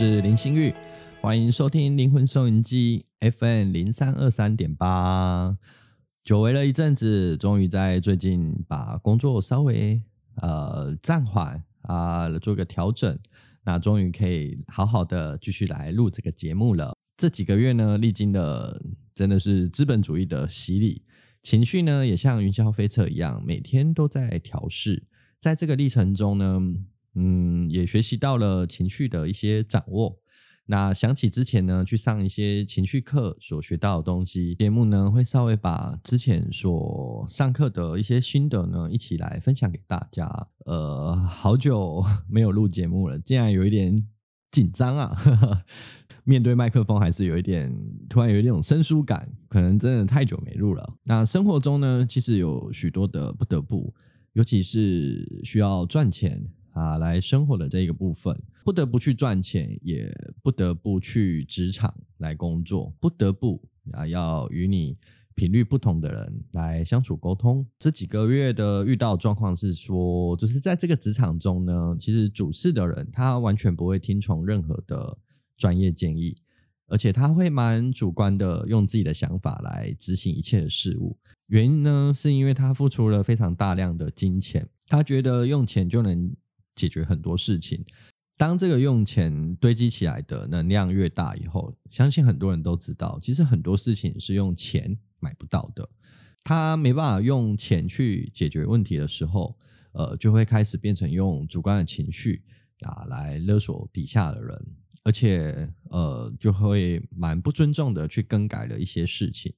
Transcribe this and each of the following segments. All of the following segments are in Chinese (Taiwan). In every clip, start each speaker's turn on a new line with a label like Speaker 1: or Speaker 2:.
Speaker 1: 是林興裕，歡迎收聽靈魂收音機 FM 零三二三點八。久違了一陣子，終於在最近把工作稍微呃暫緩啊、呃，做個調整，那終於可以好好的繼續來錄這個節目了。這幾個月呢，歷經的真的是資本主義的洗禮，情緒呢也像雲霄飛車一樣，每天都在調試。在這個歷程中呢，嗯，也學習到了情緒的一些掌握。那想起之前呢，去上一些情緒課所學到的東西，節目呢會稍微把之前所上課的一些心得呢一起來分享給大家。呃，好久沒有錄節目了，竟然有一點緊張啊！呵呵，面對麥克風還是有一點，突然有一點生疏感，可能真的太久沒錄了。那生活中呢，其實有許多的不得不，尤其是需要賺錢。啊，來生活的這個部分，不得不去賺錢，也不得不去職場來工作，不得不啊，要與你頻率不同的人來相處溝通。這幾個月的遇到狀況是說，就是在這個職場中呢，其實主事的人他完全不會聽從任何的專業建議，而且他會蠻主觀的用自己的想法來執行一切的事物。原因呢，是因為他付出了非常大量的金錢，他覺得用錢就能。解決很多事情。當這個用錢堆積起來的能量越大以後，相信很多人都知道，其實很多事情是用錢買不到的。他沒辦法用錢去解決問題的時候，呃，就會開始變成用主觀的情緒啊來勒索底下的人，而且呃就會蠻不尊重的去更改了一些事情。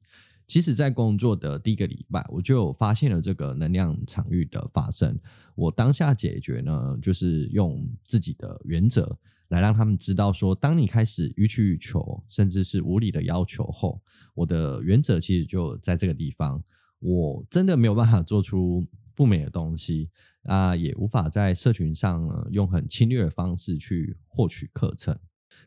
Speaker 1: 其實在工作的第一個禮拜，我就發現了這個能量場域的發生。我當下解決呢，就是用自己的原則來讓他們知道說，當你開始予取予求，甚至是無理的要求後，我的原則其實就在這個地方。我真的沒有辦法做出不美的東西，啊，也無法在社群上，呃，用很侵略的方式去獲取課程。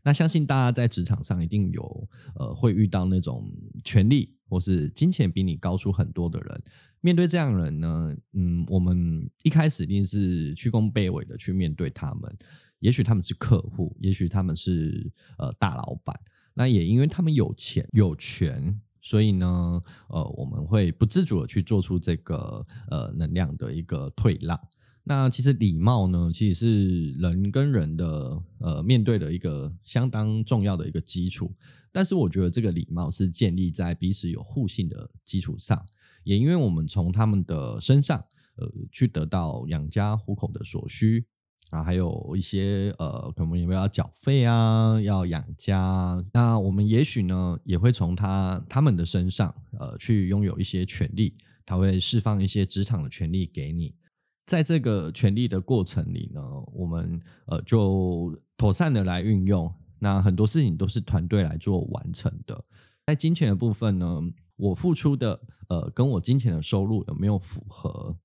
Speaker 1: 那相信大家在職場上一定有呃會遇到那種權力，或是金錢比你高出很多的人，面對這樣的人呢，嗯，我們一開始一定是屈躬卑微的去面對他們。也許他們是客戶，也許他們是呃大老闆。那也因為他們有錢有權，所以呢，呃，我們會不自主的去做出這個呃能量的一個退讓。那其實禮貌呢，其實是人跟人的呃面對的一個相當重要的一個基礎。但是我覺得這個禮貌是建立在彼此有互信的基礎上。也因為我們從他們的身上呃去得到養家糊口的所需啊，還有一些呃可能因為要繳費啊，要養家。那我們也許呢也會從他他們的身上呃去擁有一些權利，他會釋放一些職場的權利給你。在這個權力的過程裡呢，我們呃就妥善的來運用。那很多事情都是團隊來做完成的。在金錢的部分呢，我付出的呃跟我金錢的收入有沒有符合？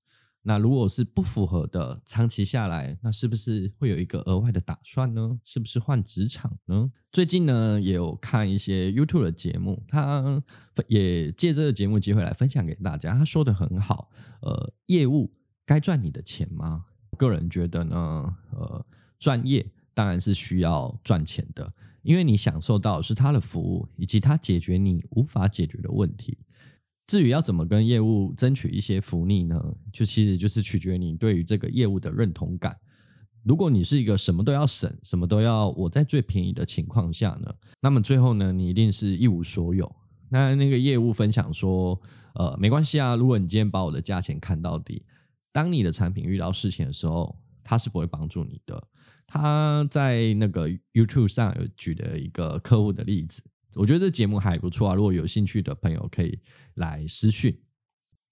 Speaker 1: 那如果是不符合的，長期下來，那是不是會有一個額外的打算呢？是不是換職場呢？最近呢也有看一些 YouTube 的節目，他也借這個節目機會來分享給大家。他說得很好，呃，業務。該賺你的錢嗎？個人覺得呢，呃，專業當然是需要賺錢的，因為你享受到是他的服務以及他解決你無法解決的問題。至於要怎麼跟業務爭取一些福利呢？就其實就是取決於你對於這個業務的認同感。如果你是一個什麼都要省，什麼都要我在最便宜的情況下呢，那麼最後呢，你一定是一無所有。那那個業務分享說，呃，沒關係啊，如果你今天把我的價錢看到底，當你的產品遇到事情的時候，他是不會幫助你的。他在那個 YouTube 上有舉了一個客戶的例子，我覺得這節目還不錯啊。如果有興趣的朋友可以來私訊。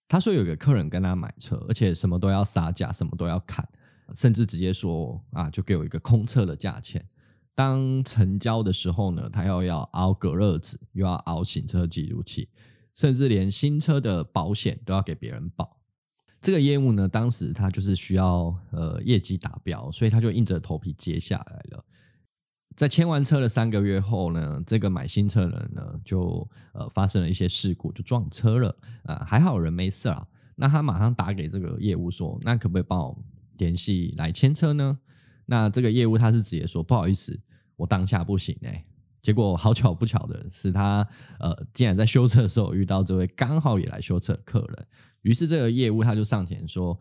Speaker 1: 他說有個客人跟他買車，而且什麼都要殺價，什麼都要砍，甚至直接說啊，就給我一個空車的價錢。當成交的時候呢，他又要凹隔熱紙，又要凹行車記錄器，甚至連新車的保險都要給別人保。這個業務呢，當時他就是需要呃業績達標，所以他就硬着頭皮接下來了。在簽完車的三個月後呢，這個買新車的人呢就呃發生了一些事故，就撞車了啊、呃，還好有人沒事啊。那他馬上打給這個業務說：“那可不可以幫我聯繫來簽車呢？”那這個業務他是直接說：“不好意思，我當下不行哎、欸。”結果好巧不巧的是他，他呃竟然在修車的時候遇到這位剛好也來修車的客人。於是這個業務他就上前說：“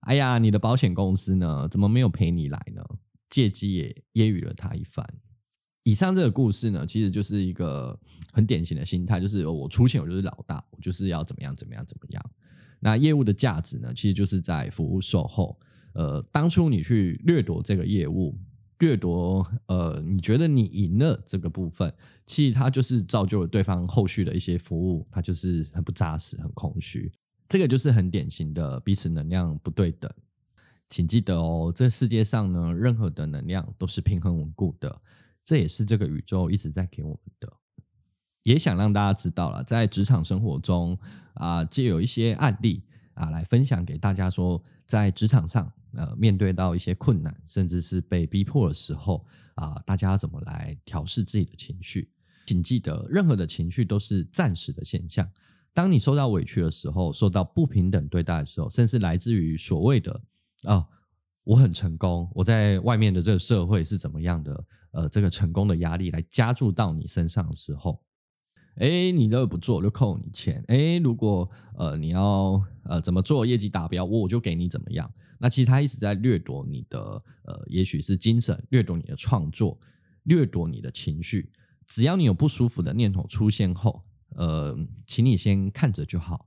Speaker 1: 哎呀，你的保險公司呢，怎麼沒有陪你來呢？”借機也揶揄了他一番。以上這個故事呢，其實就是一個很典型的心態，就是我出錢，我就是老大，我就是要怎麼樣怎麼樣怎麼樣。那業務的價值呢，其實就是在服務售後。呃，當初你去掠奪這個業務，掠奪呃，你覺得你贏了這個部分，其實它就是造就了對方後續的一些服務，它就是很不扎實，很空虛。這個就是很典型的彼此能量不對等，請記得哦，這世界上呢，任何的能量都是平衡穩固的，這也是這個宇宙一直在給我們的。也想讓大家知道了，在職場生活中啊，藉由一些案例啊，來分享給大家說，在職場上呃，面對到一些困難，甚至是被逼迫的時候啊，大家要怎麼來調適自己的情緒？請記得，任何的情緒都是暫時的現象。當你受到委屈的時候，受到不平等對待的時候，甚至來自於所謂的啊，我很成功，我在外面的這個社會是怎麼樣的？呃，這個成功的壓力來加注到你身上的時候，哎，你這不做我就扣你錢，哎，如果呃你要呃怎麼做業績達標，我我就給你怎麼樣。那其實他一直在掠奪你的呃，也許是精神，掠奪你的創作，掠奪你的情緒。只要你有不舒服的念頭出現後，呃，請你先看着就好，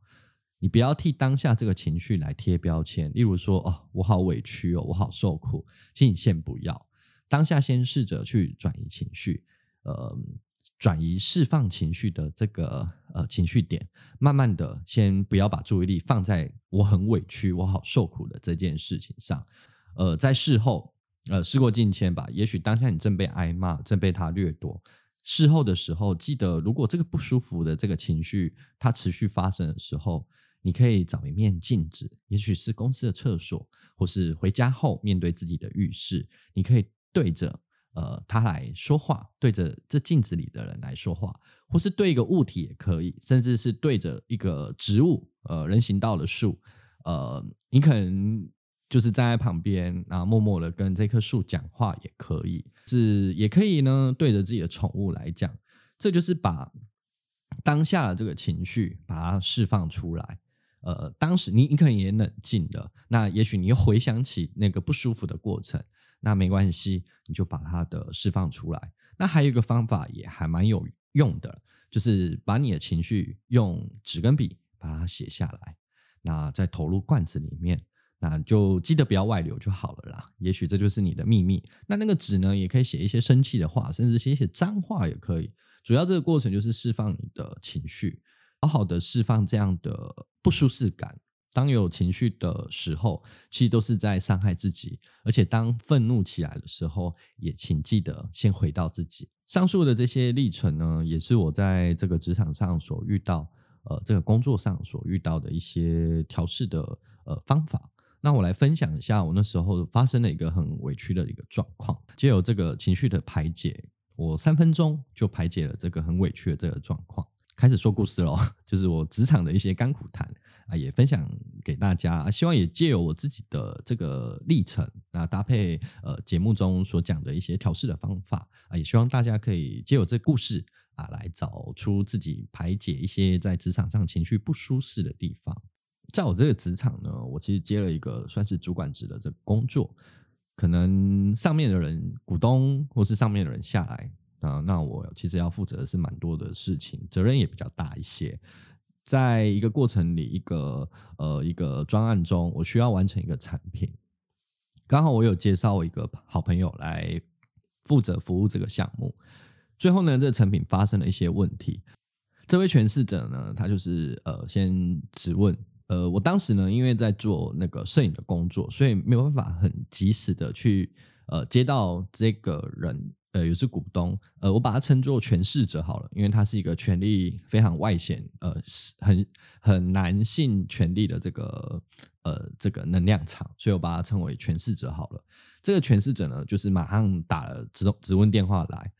Speaker 1: 你不要替當下這個情緒來貼標籤。例如說，哦，我好委屈哦，我好受苦，請你先不要，當下先試着去轉移情緒，呃，轉移釋放情緒的這個呃情緒點，慢慢的，先不要把注意力放在我很委屈、我好受苦的這件事情上。呃，在事後，呃，事過境遷吧，也許當下你正被挨罵，正被他掠奪。事後的時候，記得如果這個不舒服的這個情緒它持續發生的時候，你可以找一面鏡子，也許是公司的廁所，或是回家後面對自己的浴室，你可以對着呃它來說話，對着這鏡子裡的人來說話，或是對一個物體也可以，甚至是對着一個植物，呃，人行道的樹，呃，你可能。就是站在旁邊，然後默默的跟這棵樹講話也可以，是也可以呢？對着自己的寵物來講，這就是把當下的這個情緒把它釋放出來。呃，當時你你可能也冷靜了，那也許你又回想起那個不舒服的過程，那沒關係，你就把它的釋放出來。那還有一個方法也還蠻有用的，就是把你的情緒用紙跟筆把它寫下來，那再投入罐子裡面。那就記得不要外流就好了啦。也許這就是你的秘密。那那個紙呢，也可以寫一些生氣的話，甚至寫一些髒話也可以。主要這個過程就是釋放你的情緒，好好的釋放這樣的不舒適感。當有情緒的時候，其實都是在傷害自己。而且當憤怒起來的時候，也請記得先回到自己。上述的這些歷程呢，也是我在這個職場上所遇到，呃，這個工作上所遇到的一些調適的呃方法。那我來分享一下我那時候發生了一個很委屈的一個狀況，借由這個情緒的排解，我三分鐘就排解了這個很委屈的這個狀況。開始說故事嘍，就是我職場的一些甘苦談啊，也分享給大家，啊，希望也借由我自己的這個歷程，啊，搭配呃節目中所講的一些調適的方法啊，也希望大家可以借由這個故事啊，來找出自己排解一些在職場上情緒不舒適的地方。在我這個職場呢，我其實接了一個算是主管職的這個工作，可能上面的人股東或是上面的人下來啊，呃，那我其實要負責的是蠻多的事情，責任也比較大一些。在一個過程裡，一個呃一個專案中，我需要完成一個產品，剛好我有介紹我一個好朋友來負責服務這個項目。最後呢，這個產品發生了一些問題，這位詮釋者呢，他就是呃先質問。呃，我當時呢，因為在做那個攝影的工作，所以沒有辦法很及時的去呃接到這個人呃，也是股東呃，我把他稱作詮釋者好了，因為他是一個權力非常外顯呃，很很男性權力的這個呃這個能量場，所以我把它稱為詮釋者好了。這個詮釋者呢，就是馬上打了質問電話來。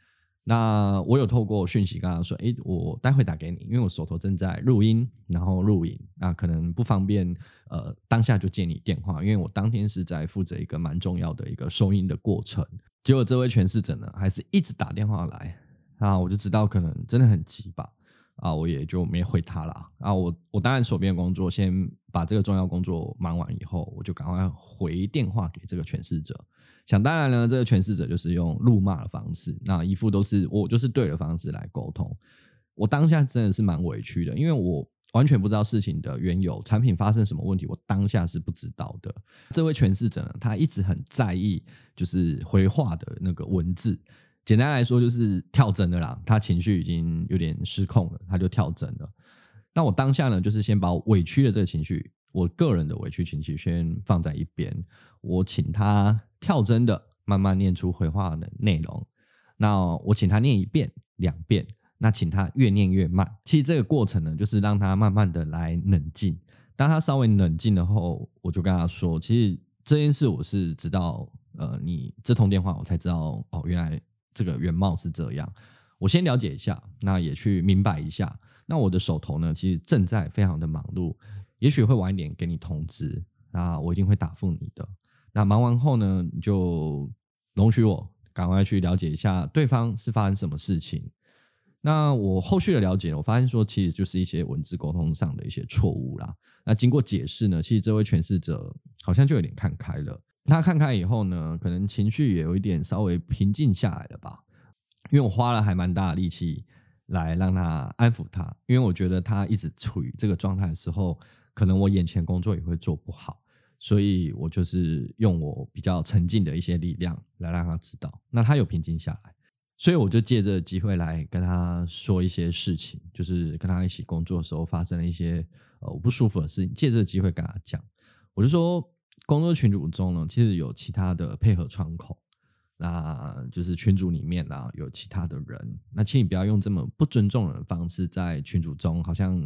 Speaker 1: 那我有透過訊息跟他說，哎、欸，我待會打給你，因為我手頭正在錄音，然後錄影，那可能不方便，呃，當下就接你電話，因為我當天是在負責一個蠻重要的一個收音的過程。結果這位詮釋者呢，還是一直打電話來，啊，我就知道可能真的很急吧，啊，我也就沒回他了，啊，我我當然手邊工作，先把這個重要工作忙完以後，我就趕快回電話給這個詮釋者。想當然了，這個詮釋者就是用怒罵的方式，那一副都是我就是對的方式來溝通。我當下真的是蠻委屈的，因為我完全不知道事情的緣由，產品發生什麼問題，我當下是不知道的。這位詮釋者呢，他一直很在意，就是回話的那個文字。簡單來說就是跳針了啦，他情緒已經有點失控了，他就跳針了。那我當下呢，就是先把委屈的這個情緒，我個人的委屈情緒先放在一邊，我請他。跳針的，慢慢念出回話的內容。那我請他念一遍、兩遍，那請他越念越慢。其實這個過程呢，就是讓他慢慢的來冷靜。當他稍微冷靜了後，我就跟他說：“其實這件事我是直到，呃，你這通電話我才知道，哦，原來這個原貌是這樣。我先了解一下，那也去明白一下。那我的手頭呢，其實正在非常的忙碌，也許會晚一點給你通知。那我一定會答覆你的。”那忙完後呢，就容許我趕快去了解一下對方是發生什麼事情。那我後續的了解，我發現說其實就是一些文字溝通上的一些錯誤啦。那經過解釋呢，其實這位詮釋者好像就有點看開了。那他看開以後呢，可能情緒也有一點稍微平靜下來了吧。因為我花了還蠻大的力氣來讓他安撫他，因為我覺得他一直處於這個狀態的時候，可能我眼前工作也會做不好。所以我就是用我比較沉靜的一些力量來讓他知道，那他有平靜下來，所以我就借這個機會來跟他說一些事情，就是跟他一起工作的時候發生了一些呃不舒服的事情，借這個機會跟他講。我就說，工作群組中呢，其實有其他的配合窗口，那就是群組裡面啊有其他的人，那請你不要用這麼不尊重人的方式在群組中，好像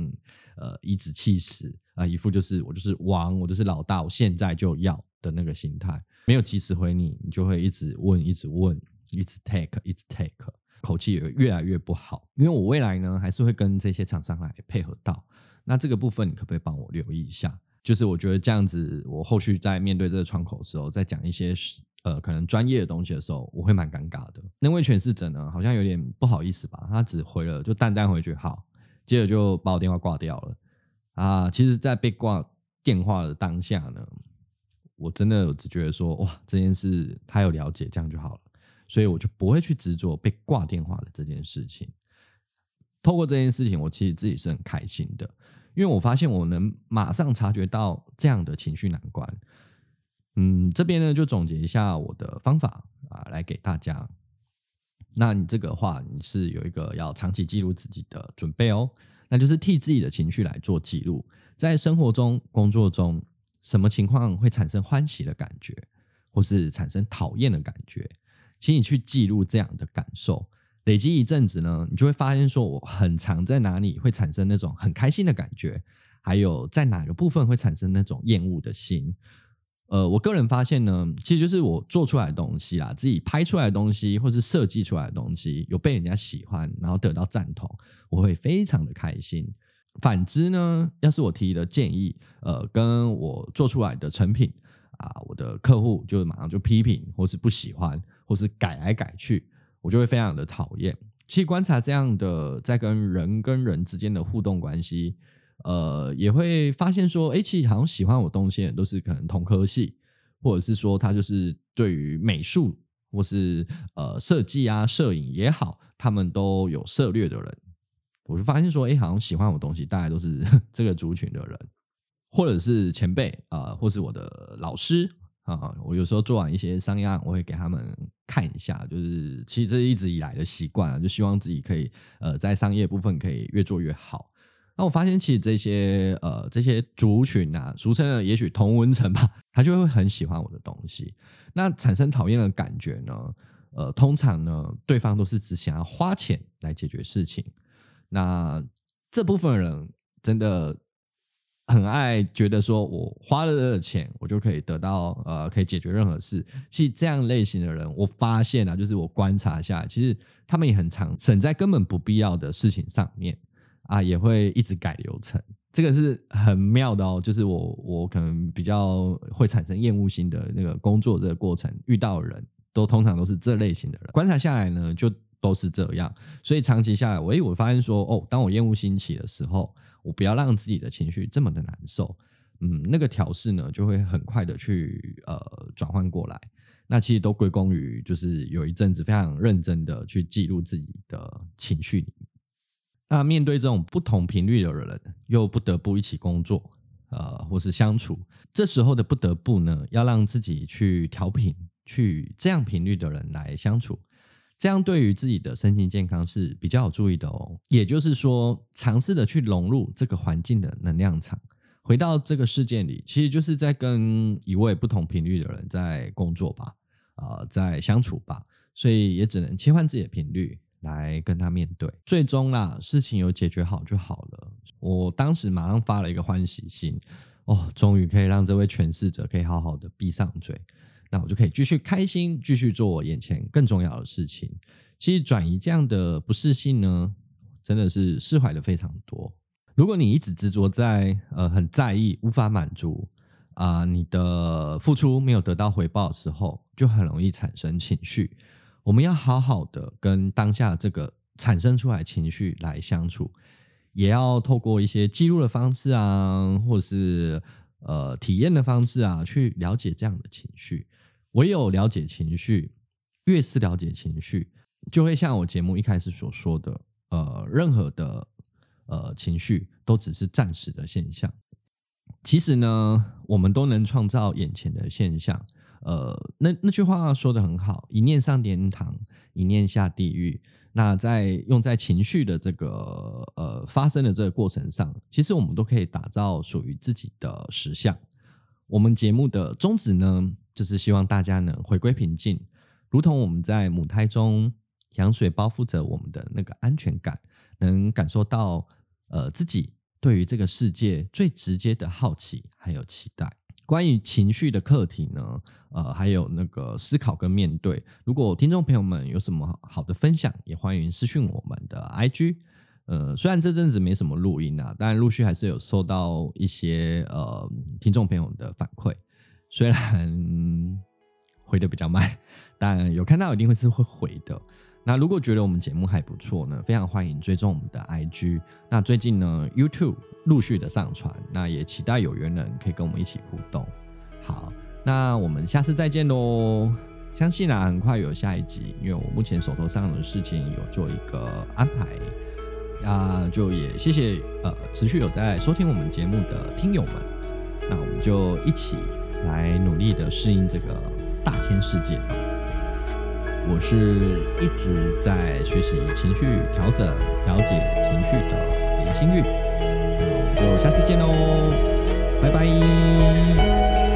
Speaker 1: 呃頤指氣使。啊，一副就是我就是王，我就是老大，我現在就要的那個心態，沒有及時回你，你就會一直問，一直問，一直 take，一直 take，口氣也越來越不好。因為我未來呢，還是會跟這些廠商來配合到，那這個部分你可不可以幫我留意一下？就是我覺得這樣子，我後續在面對這個窗口的時候，在講一些呃可能專業的東西的時候，我會蠻尷尬的。那位詮釋者呢，好像有點不好意思吧，他只回了就淡淡回句好，接着就把我電話掛掉了。啊，其實，在被掛電話的當下呢，我真的只覺得說，哇，這件事他有了解，這樣就好了，所以我就不會去執着被掛電話的這件事情。透過這件事情，我其實自己是很開心的，因為我發現我能馬上察覺到這樣的情緒難關。嗯，這邊呢就總結一下我的方法啊，來給大家。那你這個話，你是有一個要長期記錄自己的準備哦。那就是替自己的情緒來做記錄，在生活中、工作中，什麼情況會產生歡喜的感覺，或是產生討厭的感覺，請你去記錄這樣的感受。累積一陣子呢，你就會發現說，我很常在哪裡會產生那種很開心的感覺，還有在哪個部分會產生那種厭惡的心。呃，我個人發現呢，其實就是我做出來的東西啊，自己拍出來的東西，或是設計出來的東西，有被人家喜歡，然後得到贊同，我會非常的開心。反之呢，要是我提的建議，呃，跟我做出來的成品啊，我的客戶就馬上就批評，或是不喜歡，或是改來改去，我就會非常的討厭。其實觀察這樣的在跟人跟人之間的互動關係。呃，也會發現說，誒，其實好像喜歡我東西的人都是可能同科系，或者是說他就是對於美術或是呃設計啊、攝影也好，他們都有涉獵的人，我就發現說，誒，好像喜歡我東西，大概都是這個族群的人，或者是前輩啊、呃，或是我的老師啊。我有時候做完一些商業案，我會給他們看一下，就是其實這是一直以來的習慣啊，就希望自己可以呃在商業部分可以越做越好。那我發現，其實這些呃，這些族群啊，俗稱的也許同溫層吧，他就會很喜歡我的東西。那產生討厭的感覺呢？呃，通常呢，對方都是只想要花錢來解決事情。那這部分人真的很愛覺得說我花了這個錢，我就可以得到呃，可以解決任何事。其實這樣類型的人，我發現啊，就是我觀察下，其實他們也很常省在根本不必要的事情上面。啊，也會一直改流程，這個是很妙的哦。就是我，我可能比較會產生厭惡心的那個工作這個過程，遇到的人都通常都是這類型的人，觀察下來呢，就都是這樣。所以長期下來我，我我發現說，哦，當我厭惡心起的時候，我不要讓自己的情緒這麼的難受，嗯，那個調適呢，就會很快的去呃轉換過來。那其實都歸功於，就是有一陣子非常認真的去記錄自己的情緒。那面對這種不同頻率的人，又不得不一起工作，呃，或是相處，這時候的不得不呢，要讓自己去調頻，去這樣頻率的人來相處，這樣對於自己的身心健康是比較有助益的哦。也就是說，嘗試的去融入這個環境的能量場，回到這個世界裡，其實就是在跟一位不同頻率的人在工作吧，啊、呃，在相處吧，所以也只能切換自己的頻率。來跟他面對，最終啦，事情有解決好就好了。我當時馬上發了一個歡喜心，哦，終於可以讓這位權勢者可以好好的閉上嘴，那我就可以繼續開心，繼續做我眼前更重要的事情。其實轉移這樣的不適性呢，真的是釋懷了非常多。如果你一直執着在呃很在意、無法滿足啊、呃，你的付出沒有得到回報的時候，就很容易產生情緒。我們要好好的跟當下這個產生出來情緒來相處，也要透過一些記錄的方式啊，或者是呃體驗的方式啊，去了解這樣的情緒。唯有了解情緒，越是了解情緒，就會像我節目一開始所說的，呃，任何的呃情緒都只是暫時的現象。其實呢，我們都能創造眼前的現象。呃，那那句話說得很好，一念上天堂，一念下地獄。那在用在情緒的這個呃發生的這個過程上，其實我們都可以打造屬於自己的實相。我們節目的宗旨呢，就是希望大家能回歸平靜，如同我們在母胎中，羊水包覆着我們的那個安全感，能感受到呃自己對於這個世界最直接的好奇還有期待。關於情緒的課題呢，呃，還有那個思考跟面對，如果聽眾朋友們有什麼好的分享，也歡迎私訊我們的 IG。呃，雖然這陣子沒什麼錄音啊，但陸續還是有收到一些呃聽眾朋友的反饋，雖然回的比較慢，但有看到一定會是會回的。那如果覺得我們節目還不錯呢，非常歡迎追蹤我們的 IG。那最近呢，YouTube 陸續的上傳，那也期待有緣人可以跟我們一起互動。好，那我們下次再見嘍！相信呢、啊、很快有下一集，因為我目前手頭上的事情有做一個安排。那、呃、就也謝謝呃，持續有在收聽我們節目的聽友們，那我們就一起來努力的適應這個大千世界吧。我是一直在學習情緒調整、調節情緒的林興裕，那我們就下次見嘍，拜拜。